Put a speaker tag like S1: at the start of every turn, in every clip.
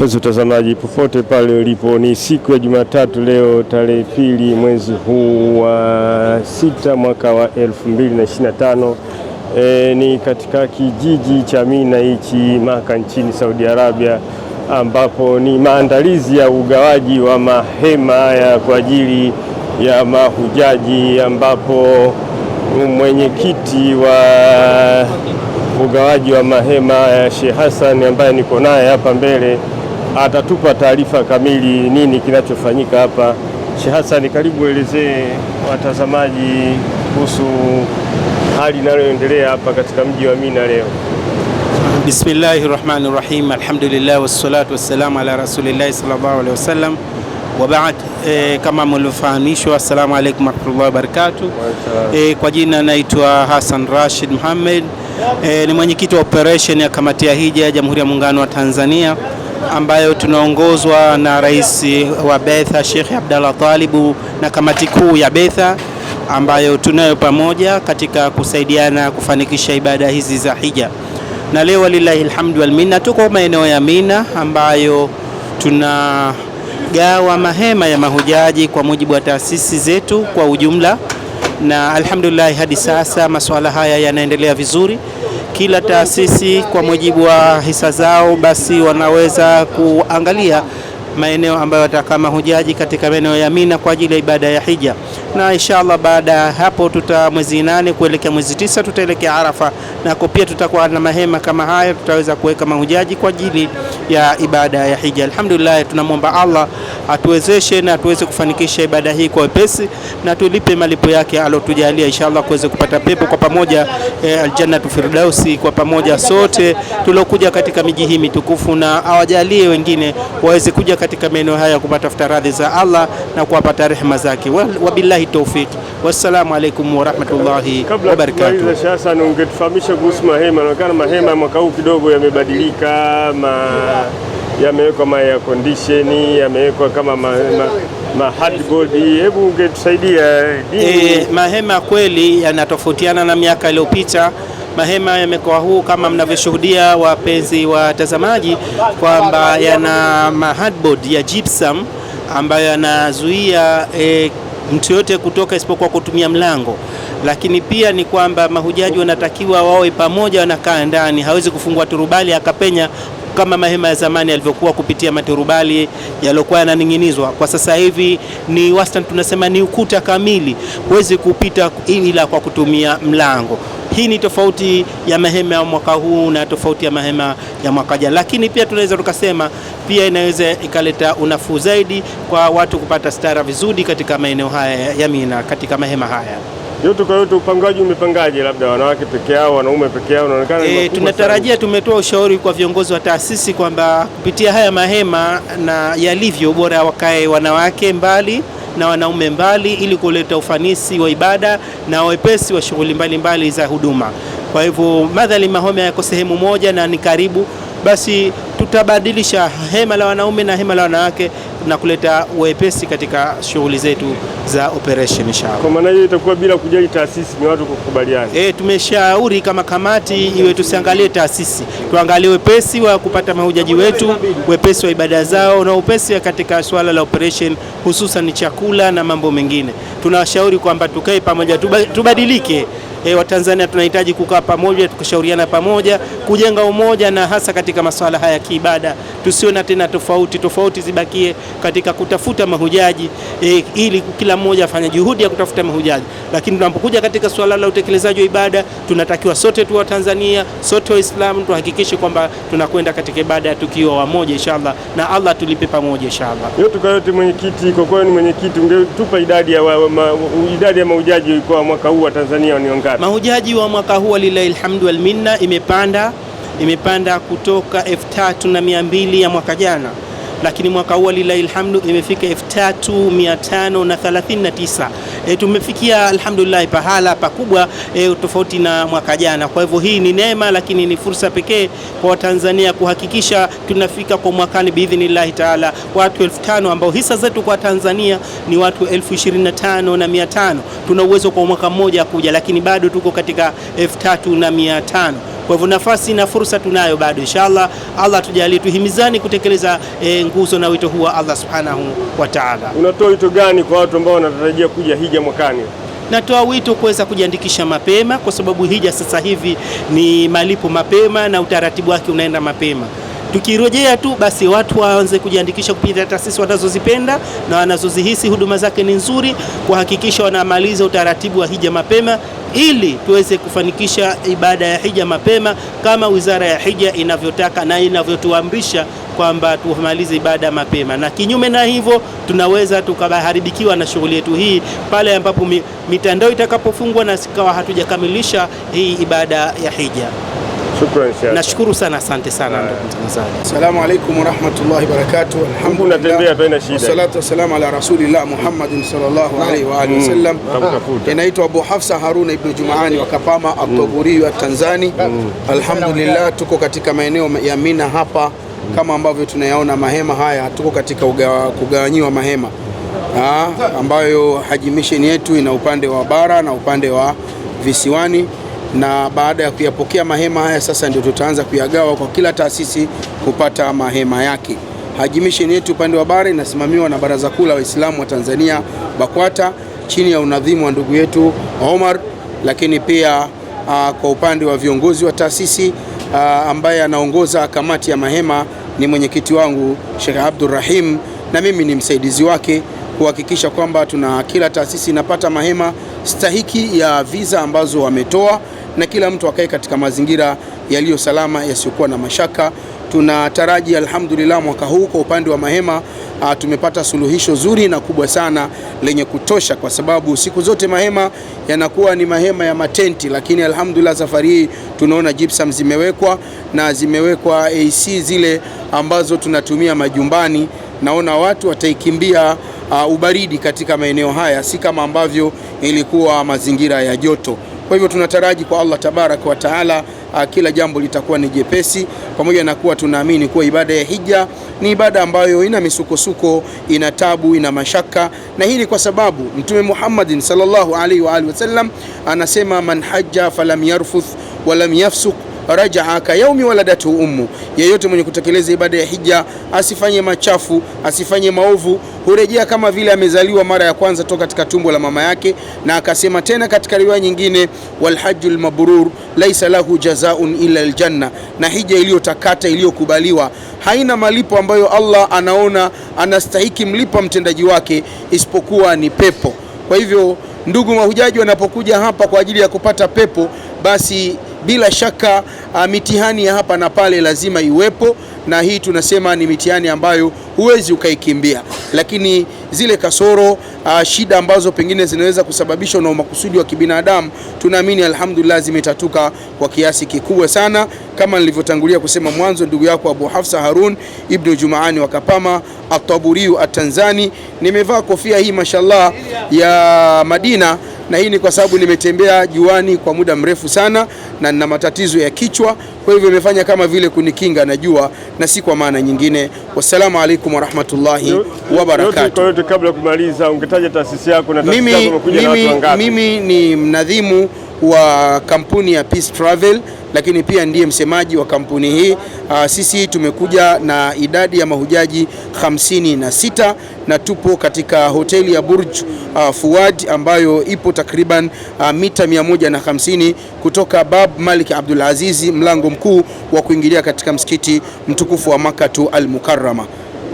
S1: Mpenzi utazamaji, popote pale ulipo, ni siku ya Jumatatu leo tarehe pili mwezi huu wa sita mwaka wa 2025. E, ni katika kijiji cha Mina hichi Maka nchini Saudi Arabia, ambapo ni maandalizi ya ugawaji wa mahema ya kwa ajili ya mahujaji, ambapo mwenyekiti wa ugawaji wa mahema ya Sheikh Hassan ambaye niko naye hapa mbele atatupa taarifa kamili nini kinachofanyika hapa. Sheikh Hassan, karibu elezee watazamaji kuhusu hali inayoendelea hapa katika mji wa Mina leo.
S2: Bismillahi rahmani rahim, alhamdulillah wassalatu wassalamu ala rasulillahi sallallahu alaihi wasallam wa baad. E, kama mlivyofahamishwa, assalamu alaikum warahmatullahi wabarakatuh. E, kwa jina naitwa Hassan Rashid Muhammad. E, ni mwenyekiti wa operation ya kamati ya hija ya Jamhuri ya Muungano wa Tanzania ambayo tunaongozwa na rais wa Betha Sheikh Abdallah Talibu na kamati kuu ya Betha ambayo tunayo pamoja katika kusaidiana kufanikisha ibada hizi za hija. Na leo walillahi alhamdu wal minna, tuko maeneo ya Mina ambayo tunagawa mahema ya mahujaji kwa mujibu wa taasisi zetu kwa ujumla, na alhamdulillah hadi sasa masuala haya yanaendelea vizuri kila taasisi kwa mujibu wa hisa zao, basi wanaweza kuangalia maeneo ambayo watakaa mahujaji katika maeneo ya Mina kwa ajili ya ibada ya hija na inshallah baada ya hapo tuta mwezi nane kuelekea mwezi tisa tutaelekea Arafa, nako pia tutakuwa na mahema kama haya, tutaweza kuweka mahujaji kwa ajili ya ibada ya hija. Alhamdulillah, tunamwomba Allah atuwezeshe na tuweze kufanikisha ibada hii kwa wepesi na tulipe malipo yake alotujalia, inshallah kuweze kupata pepo kwa pamoja, eh, aljannatu firdausi kwa pamoja, sote tuliokuja katika miji hii mitukufu, na awajalie wengine waweze kuja katika maeneo haya kupata radhi za Allah na kuwapata rehema zake. Wabillahi billahi tawfiq. wassalamu barakatuh. Kabla
S1: ya Sasa ungetufahamisha kuhusu mahema, naonekana mahema mwaka huu kidogo yamebadilika ma yamewekwa ma ya condition yamewekwa kama ma, ma, ma hardboard. Hebu ungetusaidia
S2: e, mahema kweli yanatofautiana na miaka iliyopita. Mahema yamekuwa huu kama mnavyoshuhudia wapenzi watazamaji, kwamba yana ma hardboard ya gypsum ambayo yanazuia e, mtu yote kutoka isipokuwa kutumia mlango. Lakini pia ni kwamba mahujaji wanatakiwa wawe pamoja, wanakaa ndani, hawezi kufungua turubali akapenya kama mahema ya zamani yalivyokuwa kupitia maturubali yaliokuwa yananing'inizwa. Kwa sasa hivi ni wastani, tunasema ni ukuta kamili, huwezi kupita ila kwa kutumia mlango. Hii ni tofauti ya mahema ya mwaka huu na tofauti ya mahema ya mwaka jana, lakini pia tunaweza tukasema pia inaweza ikaleta unafuu zaidi kwa watu kupata stara vizuri katika maeneo haya ya Mina, katika mahema haya
S1: yote kwa yote, upangaji umepangaje? Labda wanawake peke yao, wanaume peke yao,
S2: unaonekana e, eh, tunatarajia. Tumetoa ushauri kwa viongozi wa taasisi kwamba kupitia haya mahema na yalivyo, bora wakae wanawake mbali na wanaume mbali, ili kuleta ufanisi wa ibada na wepesi wa shughuli mbalimbali za huduma. Kwa hivyo, madhali mahome yako sehemu moja na ni karibu basi tutabadilisha hema la wanaume na hema la wanawake na kuleta wepesi katika shughuli zetu za operation inshallah.
S1: Kwa maana hiyo itakuwa bila kujali taasisi, ni watu kukubaliana.
S2: Eh, tumeshauri kama kamati iwe tusiangalie taasisi, tuangalie wepesi wa kupata mahujaji wetu, wepesi wa ibada zao na upesi katika swala la operation, hususan chakula na mambo mengine. Tunawashauri kwamba tukae pamoja, tubadilike e, Watanzania tunahitaji kukaa pamoja, tukashauriana pamoja, kujenga umoja, na hasa katika masuala haya ya kiibada, tusiwe na tena tofauti tofauti, zibakie katika kutafuta mahujaji e, ili kila mmoja afanye juhudi ya kutafuta mahujaji. Lakini tunapokuja katika suala la utekelezaji wa ibada, tunatakiwa sote tu Watanzania, sote Waislamu tuhakikishe kwamba tunakwenda katika ibada tukiwa wamoja inshallah, na Allah tulipe pamoja inshallah.
S1: Yote kwa yote, mwenyekiti, kwa kweli mwenyekiti, ungetupa idadi ya wa, ma, idadi ya mahujaji kwa mwaka huu wa Tanzania ni ngapi?
S2: Mahujaji wa mwaka huu walilahi alhamdu wal minna, imepanda imepanda kutoka elfu tatu na mia mbili ya mwaka jana, lakini mwaka huu walilahi alhamdu imefika elfu tatu mia tano na thelathini na tisa e, tumefikia alhamdulillah pahala pakubwa e, tofauti na mwaka jana. Kwa hivyo hii ni neema, lakini ni fursa pekee kwa Watanzania kuhakikisha tunafika kwa mwakani biidhnillahi taala watu elfu tano ambao hisa zetu kwa Tanzania ni watu elfu ishirini na tano na mia tano. Tuna uwezo kwa mwaka mmoja kuja, lakini bado tuko katika elfu tatu na mia tano. Kwa hivyo nafasi na fursa tunayo bado, inshallah Allah tujalie, tuhimizani kutekeleza e, nguzo na wito huu wa Allah subhanahu wa ta'ala.
S1: Unatoa wito gani kwa watu ambao wanatarajia kuja hija mwakani?
S2: Natoa wito kuweza kujiandikisha mapema, kwa sababu hija sasa hivi ni malipo mapema na utaratibu wake unaenda mapema. Tukirejea tu basi, watu waanze kujiandikisha kupitia taasisi wanazozipenda na wanazozihisi huduma zake ni nzuri, kuhakikisha wanamaliza utaratibu wa hija mapema ili tuweze kufanikisha ibada ya hija mapema kama Wizara ya Hija inavyotaka na inavyotuamrisha kwamba tumalize ibada mapema, na kinyume na hivyo tunaweza tukaharibikiwa na shughuli yetu hii pale ambapo mitandao itakapofungwa na sikawa hatujakamilisha hii ibada ya hija. Shukrani sana. Nashukuru sana, asante sana ndugu mtangazaji.
S3: Asalamu alaykum wa rahmatullahi wa barakatuh. Alhamdulillah. Tunatembea tena shida. Wassalatu wassalamu ala rasulillah Muhammad sallallahu alayhi wa alihi mm. wasallam. Inaitwa Abu Hafsa Haruna ibn Jumaani wa Kapama mm. Atoguri wa Tanzania. Mm. Alhamdulillah, tuko katika maeneo ya Mina hapa kama ambavyo tunayaona mahema haya, tuko katika kugawanyiwa mahema ha, ambayo haji misheni yetu ina upande wa bara na upande wa visiwani na baada ya kuyapokea mahema haya sasa ndio tutaanza kuyagawa kwa kila taasisi kupata mahema yake. Haji Mission yetu upande wa bara inasimamiwa na Baraza Kuu la Waislamu wa Tanzania BAKWATA chini ya unadhimu wa ndugu yetu Omar, lakini pia a, ah, kwa upande wa viongozi wa taasisi ah, ambaye anaongoza kamati ya mahema ni mwenyekiti wangu Sheikh Abdul Rahim na mimi ni msaidizi wake kuhakikisha kwamba tuna kila taasisi inapata mahema stahiki ya visa ambazo wametoa na kila mtu akae katika mazingira yaliyo salama yasiyokuwa na mashaka. Tunataraji alhamdulillah, mwaka huu kwa upande wa mahema a, ah, tumepata suluhisho zuri na kubwa sana lenye kutosha, kwa sababu siku zote mahema yanakuwa ni mahema ya matenti, lakini alhamdulillah safari hii tunaona gypsum zimewekwa na zimewekwa AC zile ambazo tunatumia majumbani. Naona watu wataikimbia uh, ubaridi katika maeneo haya, si kama ambavyo ilikuwa mazingira ya joto. Kwa hivyo tunataraji kwa Allah tabaraka wa taala uh, kila jambo litakuwa ni jepesi, pamoja na kuwa tunaamini kuwa ibada ya hija ni ibada ambayo ina misukosuko, ina tabu, ina mashaka, na hii ni kwa sababu Mtume Muhammadin sallallahu alaihi wa alihi wasallam anasema, man hajja falam yarfuth walam yafsuk rajaa kayaumi waladatu ummu, yeyote mwenye kutekeleza ibada ya hija asifanye machafu, asifanye maovu, hurejea kama vile amezaliwa mara ya kwanza toka katika tumbo la mama yake. Na akasema tena katika riwaya nyingine, walhajjul mabrur laisa lahu jazaun illa aljanna, na hija iliyotakata iliyokubaliwa haina malipo ambayo Allah anaona anastahiki mlipa mtendaji wake isipokuwa ni pepo. Kwa hivyo ndugu mahujaji wanapokuja hapa kwa ajili ya kupata pepo basi bila shaka uh, mitihani ya hapa na pale lazima iwepo, na hii tunasema ni mitihani ambayo huwezi ukaikimbia, lakini zile kasoro uh, shida ambazo pengine zinaweza kusababishwa na makusudi wa kibinadamu, tunaamini alhamdulillah zimetatuka kwa kiasi kikubwa sana. Kama nilivyotangulia kusema mwanzo, ndugu yako Abu Hafsa Harun Ibnu Jumaani wa Kapama Ataburiu Atanzani, nimevaa kofia hii mashallah ya Madina na hii ni kwa sababu nimetembea juani kwa muda mrefu sana na nina matatizo ya kichwa, kwa hivyo imefanya kama vile kunikinga na jua na si kwa maana nyingine. Wassalamu alaikum warahmatullahi wabarakatuh.
S1: kabla kumaliza, ungetaja taasisi yako na taasisi yako mimi,
S2: mimi, mimi ni mnadhimu wa kampuni ya Peace Travel, lakini pia ndiye msemaji wa kampuni hii. Ah, sisi tumekuja na idadi ya mahujaji 56 na, na tupo katika hoteli ya Burj ah, Fuad ambayo ipo takriban ah, mita 150 kutoka Bab Malik Abdul Aziz, mlango mkuu wa kuingilia katika msikiti mtukufu wa Makatu Al Mukarrama.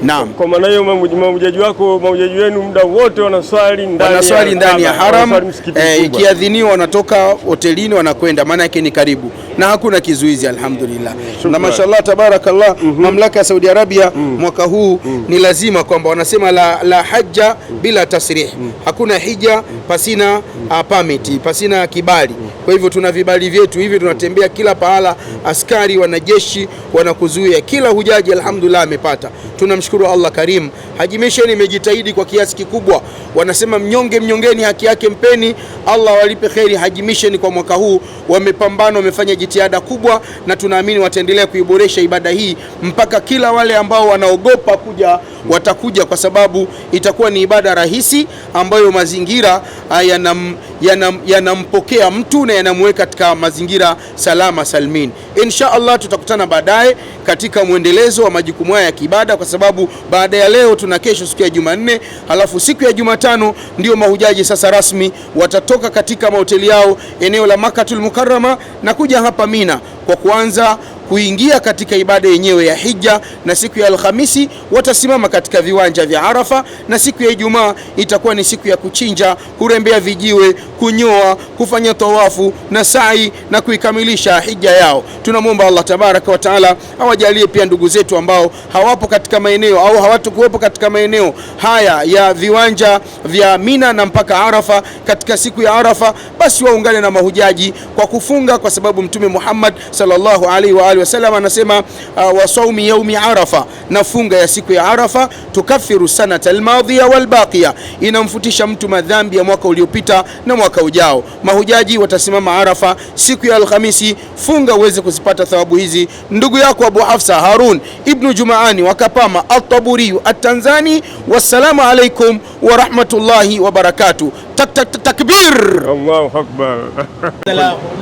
S2: Naam.
S1: Kwa maana hiyo mahujaji wako mahujaji wenu muda wote wanaswali ndani
S2: wanaswali ndani ya haram, eh, ikiadhiniwa wanatoka hotelini wanakwenda, maana yake ni karibu na hakuna kizuizi alhamdulillah. Shukra. Na mashallah tabarakallah. mm -hmm. Mamlaka ya Saudi Arabia mm. mwaka huu mm. ni lazima kwamba wanasema la, la haja mm. bila tasrih mm. hakuna hija mhm. pasina mm. permit pasina kibali mm. Kwa hivyo tuna vibali vyetu hivi, tunatembea kila pahala, mhm. askari wanajeshi wanakuzuia. Kila hujaji alhamdulillah amepata. Tunamshukuru Allah Karim. Haji Mission imejitahidi kwa kiasi kikubwa, wanasema mnyonge mnyongeni, haki yake mpeni. Allah walipe kheri Haji Mission kwa mwaka huu, wamepambana wamefanya jitihada kubwa, na tunaamini wataendelea kuiboresha ibada hii mpaka kila wale ambao wanaogopa kuja watakuja, kwa sababu itakuwa ni ibada rahisi ambayo mazingira ah, yanam, yanam, yanampokea mtu na yanamweka katika mazingira salama salmin. Insha Allah tutakutana baadaye katika mwendelezo wa majukumu haya ya kiibada, kwa sababu baada ya leo tuna kesho siku ya Jumanne, halafu siku ya Jumatano ndio mahujaji sasa rasmi watatoka katika mahoteli yao eneo la Makatul Mukarrama na kuja hapa hapa Mina kwa kuanza kuingia katika ibada yenyewe ya hija, na siku ya Alhamisi watasimama katika viwanja vya Arafa, na siku ya Ijumaa itakuwa ni siku ya kuchinja, kurembea vijiwe, kunyoa, kufanya tawafu na sai na kuikamilisha hija yao. Tunamwomba Allah tabaraka wa taala awajalie pia ndugu zetu ambao hawapo katika maeneo au hawatokuwepo katika maeneo haya ya viwanja vya Mina na mpaka Arafa katika siku ya Arafa, basi waungane na mahujaji kwa kufunga, kwa sababu Mtume Muhammad sallallahu alaihi wa alihi wasallam anasema uh, wa saumi yaumi arafa, na funga ya siku ya Arafa tukaffiru sanata almadhiya walbaqiya, inamfutisha mtu madhambi ya mwaka uliopita na mwaka ujao. Mahujaji watasimama Arafa siku ya Alhamisi, funga uweze kuzipata thawabu hizi. Ndugu yako Abu Hafsa Harun ibnu Jumaani wakapama Altaburiyu Atanzani. Wassalamu alaikum warahmatullahi barakatuh takbir.
S1: Allahu akbar.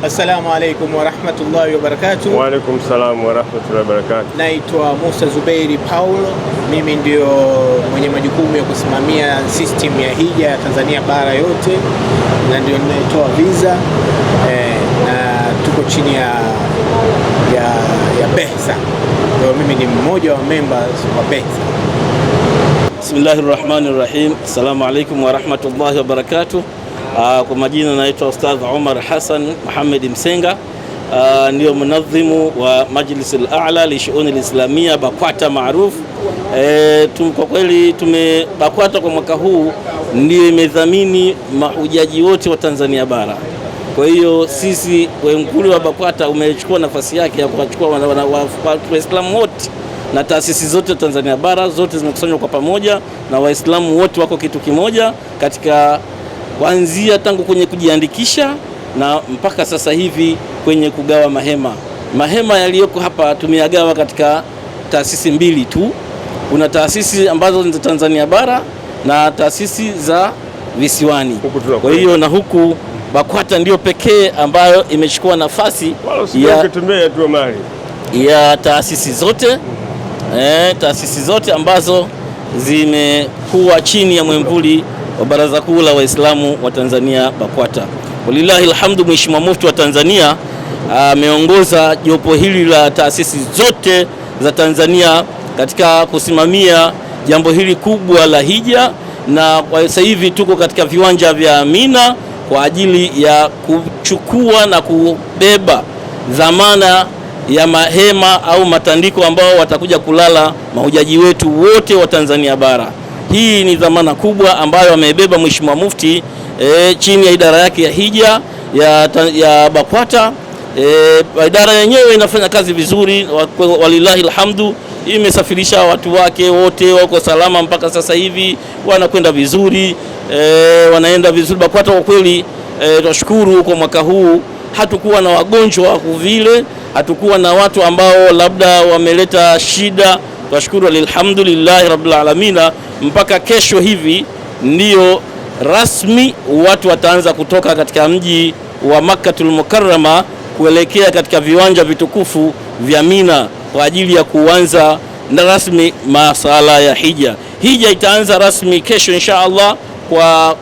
S4: Assalamu alaykum wa rahmatullahi wa barakatuh.
S1: Wa alaykum salam wa rahmatullahi wa barakatuh.
S4: Naitwa Musa Zubeiri Paulo, mimi ndio mwenye majukumu ya kusimamia system ya hija ya Tanzania bara yote na ndio ninayetoa visa eh, na tuko chini ya ya, ya BEHSA. Kwa mimi ni mmoja wa members wa BEHSA.
S5: Bismillahi rahmani rahim. Assalamu alaikum warahmatullahi wabarakatuh. Ah, kwa majina naitwa Ustadh Omar Hassan Muhammad Msenga, ah, ndio mnadhimu wa Majlis al-A'la li Shuuni al-Islamia BAKWATA maarufu. E, eh, kwa kweli tume BAKWATA kwa mwaka huu ndio imedhamini mahujaji wote wa Tanzania bara. Kwa hiyo sisi wemkuli wa BAKWATA umechukua nafasi yake ya kuwachukua Waislamu wote na taasisi zote za Tanzania bara zote zimekusanywa kwa pamoja, na Waislamu wote wako kitu kimoja katika kuanzia tangu kwenye kujiandikisha na mpaka sasa hivi kwenye kugawa mahema. Mahema yaliyoko hapa tumeyagawa katika taasisi mbili tu. Kuna taasisi ambazo ni za Tanzania bara na taasisi za visiwani. Kwa hiyo na huku BAKWATA ndio pekee ambayo imechukua nafasi ya, ya taasisi zote eh, taasisi zote ambazo zimekuwa chini ya mwemvuli wa Baraza Kuu la Waislamu wa Tanzania BAKWATA. Walillahi alhamdu, Mheshimiwa Mufti wa Tanzania ameongoza jopo hili la taasisi zote za Tanzania katika kusimamia jambo hili kubwa la hija, na kwa sasa hivi tuko katika viwanja vya Mina kwa ajili ya kuchukua na kubeba dhamana ya mahema au matandiko ambao watakuja kulala mahujaji wetu wote wa Tanzania bara. Hii ni dhamana kubwa ambayo amebeba Mheshimiwa Mufti e, chini ya idara yake ya hija ya, ya BAKWATA. E, idara yenyewe inafanya kazi vizuri, walilahi alhamdu, imesafirisha watu wake wote, wako salama mpaka sasa hivi, wanakwenda vizuri e, wanaenda vizuri BAKWATA kwa kweli. E, tunashukuru kwa mwaka huu hatukuwa na wagonjwa vile hatukuwa na watu ambao labda wameleta shida. Twashukuru alhamdulillahi rabbil alamina. Mpaka kesho hivi ndio rasmi watu wataanza kutoka katika mji wa Makkatul Mukarrama kuelekea katika viwanja vitukufu vya Mina kwa ajili ya kuanza na rasmi masala ya hija. Hija itaanza rasmi kesho insha Allah kwa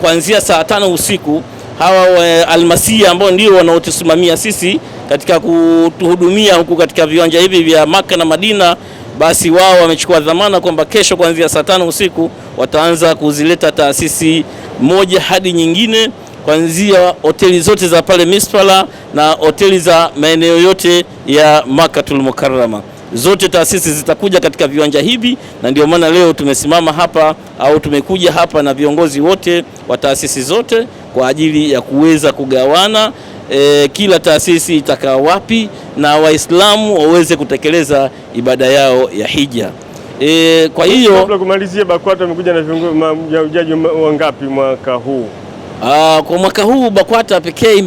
S5: kuanzia saa tano usiku. Hawa eh, almasia ambao ndio wanaotusimamia sisi katika kutuhudumia huku katika viwanja hivi vya Maka na Madina, basi wao wamechukua dhamana kwamba kesho kuanzia saa tano usiku wataanza kuzileta taasisi moja hadi nyingine kuanzia hoteli zote za pale Misfala na hoteli za maeneo yote ya Makatul Mukarrama zote taasisi zitakuja katika viwanja hivi, na ndio maana leo tumesimama hapa au tumekuja hapa na viongozi wote wa taasisi zote kwa ajili ya kuweza kugawana e, kila taasisi itakaa wapi na Waislamu waweze kutekeleza ibada yao ya hija. E, kwa hiyo kabla
S1: kumalizia, BAKWATA amekuja na majaji wangapi mwaka huu?
S5: Aa, ah, kwa mwaka huu BAKWATA pekee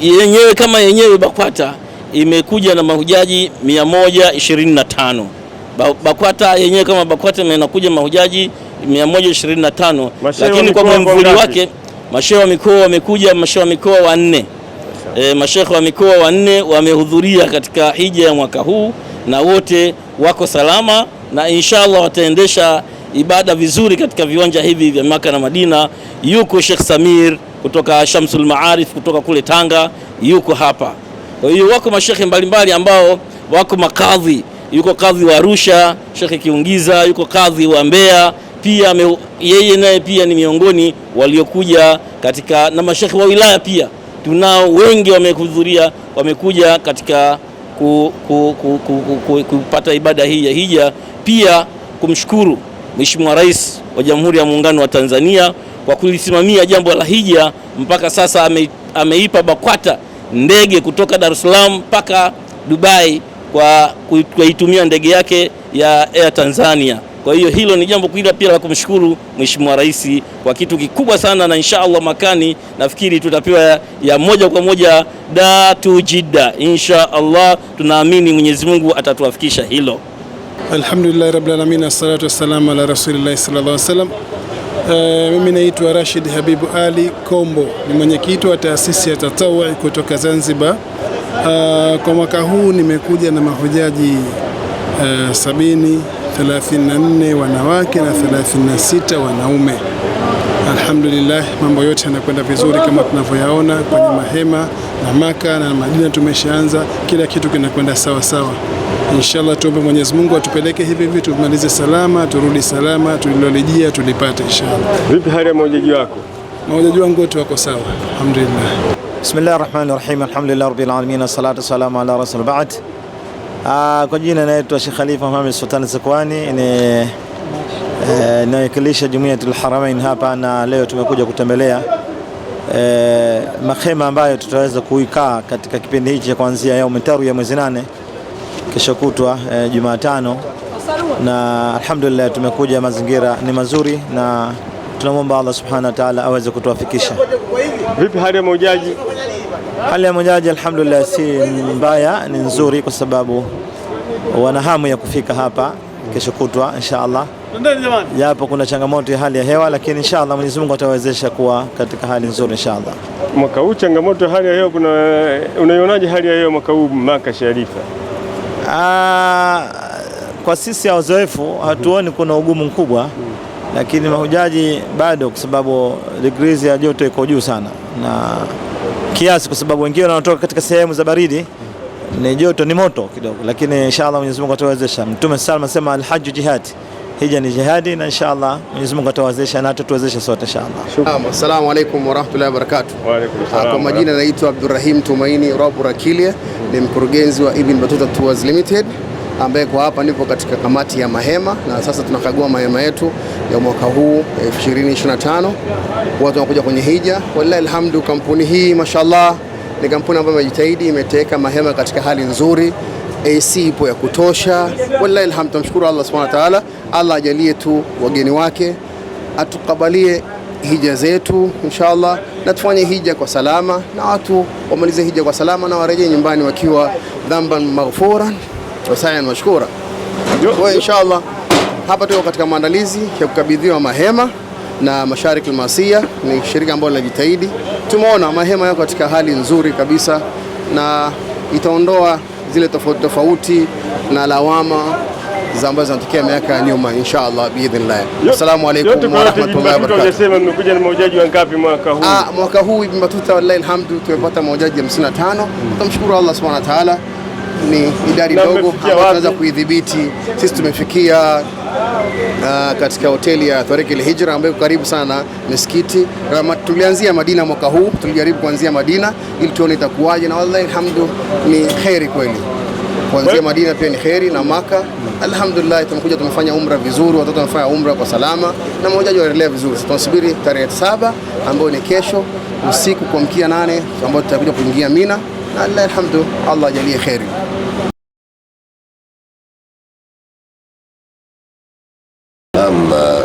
S5: yenyewe kama yenyewe BAKWATA imekuja na mahujaji 125. BAKWATA yenyewe kama BAKWATA inakuja mahujaji 125, lakini kwa mwemvuli wake mashehe wa mikoa wamekuja, mashehe wa mikoa wanne e, mashehe wa mikoa wanne wamehudhuria katika hija ya mwaka huu na wote wako salama na inshallah wataendesha ibada vizuri katika viwanja hivi vya Maka na Madina. Yuko Sheikh Samir kutoka Shamsul Maarif kutoka kule Tanga, yuko hapa. Kwa hiyo wako mashekhe mbalimbali ambao wako makadhi, yuko kadhi wa Arusha Shekhe Kiungiza, yuko kadhi wa Mbeya pia me, yeye naye pia ni miongoni waliokuja katika, na mashekhe wa wilaya pia tunao wengi wamehudhuria, wamekuja katika ku, ku, ku, ku, ku, ku, kupata ibada hii ya hija, pia kumshukuru Mheshimiwa Rais wa Jamhuri ya Muungano wa Tanzania kwa kulisimamia jambo la hija mpaka sasa ame, ameipa BAKWATA ndege kutoka Dar es Salaam mpaka Dubai kwa kuitumia ndege yake ya Air Tanzania. Kwa hiyo hilo ni jambo kubwa pia la kumshukuru Mheshimiwa Rais kwa kitu kikubwa sana, na inshaallah makani nafikiri tutapewa ya, ya moja kwa moja Dar to Jeddah inshaallah. Tunaamini Mwenyezi Mungu atatuafikisha hilo.
S6: Alhamdulillah rabbil alamin, assalatu wassalamu ala rasulillahi sallallahu alaihi wasallam. Uh, mimi naitwa Rashid Habibu Ali Kombo, ni mwenyekiti wa taasisi ya Tatawui kutoka Zanzibar. Uh, kwa mwaka huu nimekuja na mahujaji uh, sabini, 34 wanawake na 36 wanaume. Alhamdulillah, mambo yote yanakwenda vizuri kama tunavyoyaona kwenye mahema na Maka na Madina tumeshaanza, kila kitu kinakwenda sawa sawa. Inshallah tuombe Mwenyezi Mungu atupeleke hivi hivi, tumalize salama, turudi salama, tulilolijia tulipate inshallah.
S1: Vipi hali ya mahujaji wako?
S6: Mahujaji wangu wote wako sawa, alhamdulillah.
S7: Bismillahir Rahmanir Rahim, alhamdulillah rabbil alamin, salatu wassalamu ala rasul ba'd. Ah, Kwa jina naitwa Sheikh Khalifa Muhammad Sultan Zakwani ni inayowakilisha eh, Jumuiyatul Haramain hapa, na leo tumekuja kutembelea eh, mahema ambayo tutaweza kuikaa katika kipindi hichi kuanzia ya mwezi nane kesho kutwa e, Jumatano, na alhamdulillah tumekuja, mazingira ni mazuri na tunamwomba Allah subhanahu wa ta'ala aweze kutuwafikisha.
S1: Vipi hali ya mahujaji?
S7: Hali ya mahujaji alhamdulillah, si mbaya, ni nzuri, kwa sababu wana hamu ya kufika hapa kesho kutwa insha Allah, japo kuna changamoto ya hali ya hewa, lakini insha Allah Mwenyezi Mungu atawezesha kuwa katika hali nzuri insha Allah.
S1: Mwaka huu changamoto ya hali ya hewa, kuna unaionaje hali ya hewa mwaka huu Maka Sharifa?
S7: Aa, ah, kwa sisi ya wazoefu hatuoni kuna ugumu mkubwa, lakini mahujaji bado, kwa sababu degrees ya joto iko juu sana na kiasi, kwa sababu wengine wanatoka katika sehemu za baridi ni joto ni moto kidogo, lakini inshallah Mwenyezi Mungu atawezesha. Mtume Salma sema wasallam, alhajju jihad hija ni jihadi, na inshallah Mwenyezi Mungu atawezesha na atatuwezesha sote inshallah.
S8: Assalamu alaykum wa rahmatullahi wa barakatuh. Ah, kwa majina naitwa Abdurrahim Tumaini Rabu Rakilia, ni mkurugenzi wa Ibn Battuta Tours Limited ambaye kwa hapa nipo katika kamati ya mahema na sasa tunakagua mahema yetu ya mwaka huu 2025. Eh, Watu wanakuja kwenye hija, wallahi alhamdu, kampuni hii mashallah ni kampuni ambayo imejitahidi, imeteka mahema katika hali nzuri AC ipo ya kutosha, wallahi alhamdu, tunamshukuru Allah subhanahu wa ta'ala. Allah ajalie tu wageni wake, atukabalie hija zetu inshallah, na tufanye hija kwa salama, na watu wamalize hija kwa salama, na warejee nyumbani wakiwa dhamban maghfuran wa sa'yan mashkura. Kwa inshallah hapa tuko katika maandalizi ya kukabidhiwa mahema na Mashariki Almasia ni shirika ambalo linajitahidi. Tumeona mahema yako katika hali nzuri kabisa na itaondoa zile tofauti tofauti na lawama za ambazo zinatokea miaka ya nyuma, inshallah biidhnillah. Assalamu alaykum wa rahmatullahi wa barakatuh.
S1: Unasema mmekuja na mahujaji wangapi mwaka huu?
S8: Ah, mwaka huu Ibn Batuta, wallahi alhamdu, tumepata mahujaji 55. Tunamshukuru Allah subhanahu wa ta'ala, ni idadi ndogo tunaweza kuidhibiti. Sisi tumefikia uh, katika hoteli ya Tariq al-Hijra ambayo karibu sana misikiti. Ah, tulianzia Madina mwaka huu, tulijaribu kuanzia Madina ili tuone itakuwaje, na wallahi alhamdu ni kheri kweli kuanzia Madina pia ni kheri na Maka. Alhamdulillah, tumekuja tumefanya umra vizuri, watoto wamefanya umra kwa salama na mahujaji waendelea vizuri. Tunasubiri tarehe saba ambayo ni kesho usiku kuamkia nane ambayo tutakuja kuingia Mina na alhamdu, Allah ajalie kheri.
S9: Naam, uh,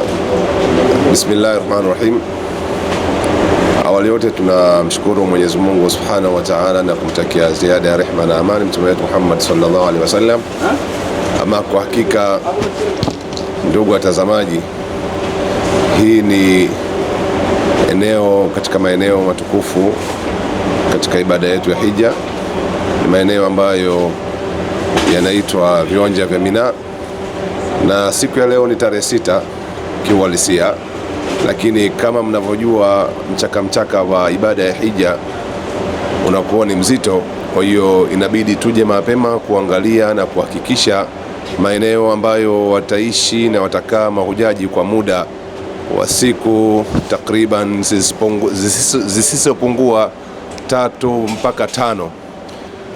S9: bismillahi rahmani rahim. Awali yote tunamshukuru Mwenyezi Mungu subhanahu wa taala na kumtakia ziada ya rehma na amani mtume wetu Muhammad sallallahu alaihi wasallam. Ama kwa hakika, ndugu watazamaji, hii ni eneo katika maeneo matukufu katika ibada yetu ya hija, ni maeneo ambayo yanaitwa viwanja vya Mina na siku ya leo ni tarehe sita kiuhalisia, lakini kama mnavyojua mchakamchaka wa ibada ya hija unakuwa ni mzito, kwa hiyo inabidi tuje mapema kuangalia na kuhakikisha maeneo ambayo wataishi na watakaa mahujaji kwa muda wa siku takriban zisizopungua tatu mpaka tano,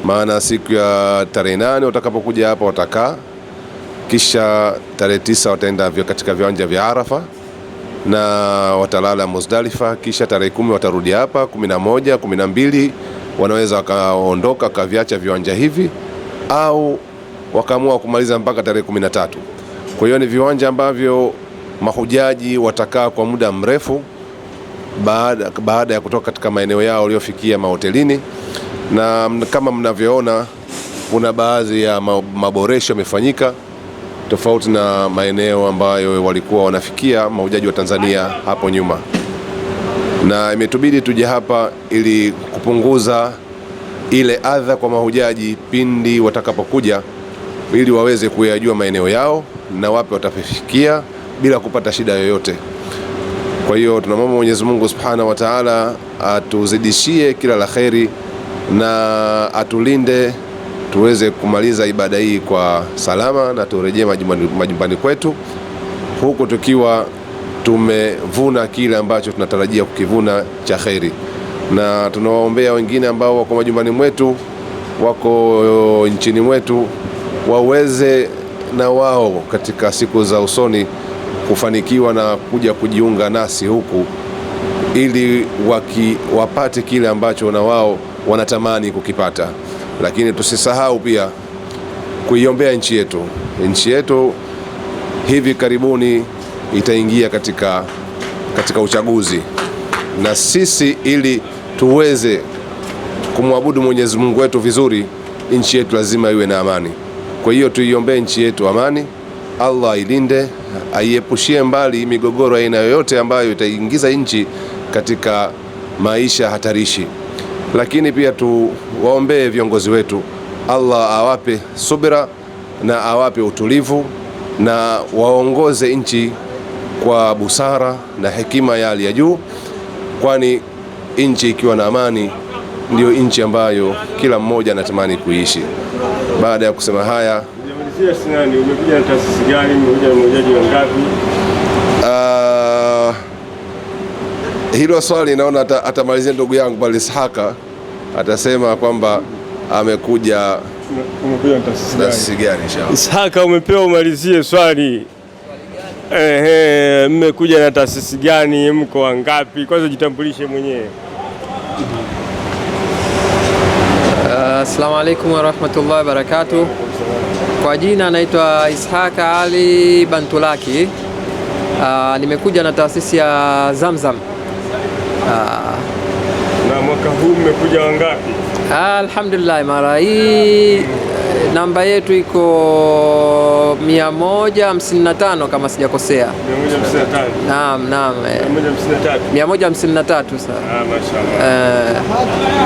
S9: maana siku ya tarehe nane watakapokuja hapa watakaa kisha tarehe tisa wataenda katika viwanja vya Arafa na watalala Muzdalifa, kisha tarehe kumi watarudi hapa, kumi na moja, kumi na mbili wanaweza wakaondoka wakaviacha viwanja hivi au wakaamua kumaliza mpaka tarehe kumi na tatu. Kwa hiyo ni viwanja ambavyo mahujaji watakaa kwa muda mrefu baada, baada ya kutoka katika maeneo yao waliofikia mahotelini, na kama mnavyoona kuna baadhi ya maboresho yamefanyika tofauti na maeneo ambayo walikuwa wanafikia mahujaji wa Tanzania hapo nyuma, na imetubidi tuje hapa ili kupunguza ile adha kwa mahujaji pindi watakapokuja, ili waweze kuyajua maeneo yao na wapi watafikia bila kupata shida yoyote. Kwa hiyo tunamwomba Mwenyezi Mungu Subhanahu wa Ta'ala atuzidishie kila la kheri na atulinde tuweze kumaliza ibada hii kwa salama na turejee majumbani, majumbani kwetu huku tukiwa tumevuna kile ambacho tunatarajia kukivuna cha kheri, na tunawaombea wengine ambao wako majumbani mwetu, wako nchini mwetu, waweze na wao katika siku za usoni kufanikiwa na kuja kujiunga nasi huku, ili waki, wapate kile ambacho na wao wanatamani kukipata lakini tusisahau pia kuiombea nchi yetu. Nchi yetu hivi karibuni itaingia katika, katika uchaguzi, na sisi ili tuweze kumwabudu Mwenyezi Mungu wetu vizuri, nchi yetu lazima iwe na amani. Kwa hiyo tuiombee nchi yetu amani, Allah ailinde, aiepushie mbali migogoro aina yoyote ambayo itaingiza nchi katika maisha hatarishi lakini pia tuwaombee viongozi wetu, Allah awape subira na awape utulivu na waongoze nchi kwa busara na hekima ya hali ya juu, kwani nchi ikiwa na amani ndiyo nchi ambayo kila mmoja anatamani kuishi. Baada ya kusema haya,
S1: umekuja na taasisi gani? Umekuja na mahujaji wangapi?
S9: Ah, hilo swali naona atamalizia ndugu yangu pale Ishaka, atasema kwamba amekuja
S1: na gani. Ishaka, umepewa umalizie swali. Ehe, mmekuja na taasisi gani? Mko wangapi? Kwanza jitambulishe mwenyewe.
S10: Uh, assalamu alaikum warahmatullahi wabarakatuh. Kwa jina anaitwa Ishaka Ali Bantulaki. Uh, nimekuja na taasisi ya Zamzam
S1: na mwaka huu mmekuja wangapi?
S10: Ah, alhamdulillah, mara hii eh, namba yetu iko 155 kama sijakosea.
S1: 155.
S10: Naam, naam.
S1: 153.
S10: 153 sasa.
S1: Ah, mashaallah. Eh.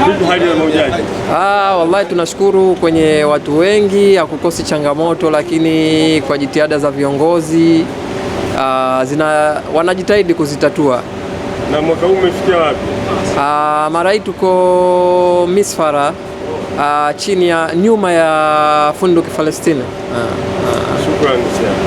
S1: Vipi hali ya maujaji?
S10: Ah, wallahi tunashukuru kwenye watu wengi hakukosi changamoto, lakini kwa jitihada za viongozi ah, zina wanajitahidi kuzitatua.
S1: Na mwaka huu umefikia wapi?
S10: Ah, mara hii tuko Misfara uh, chini ya nyuma ya Funduki Palestina. Ah, uh. Shukrani sana.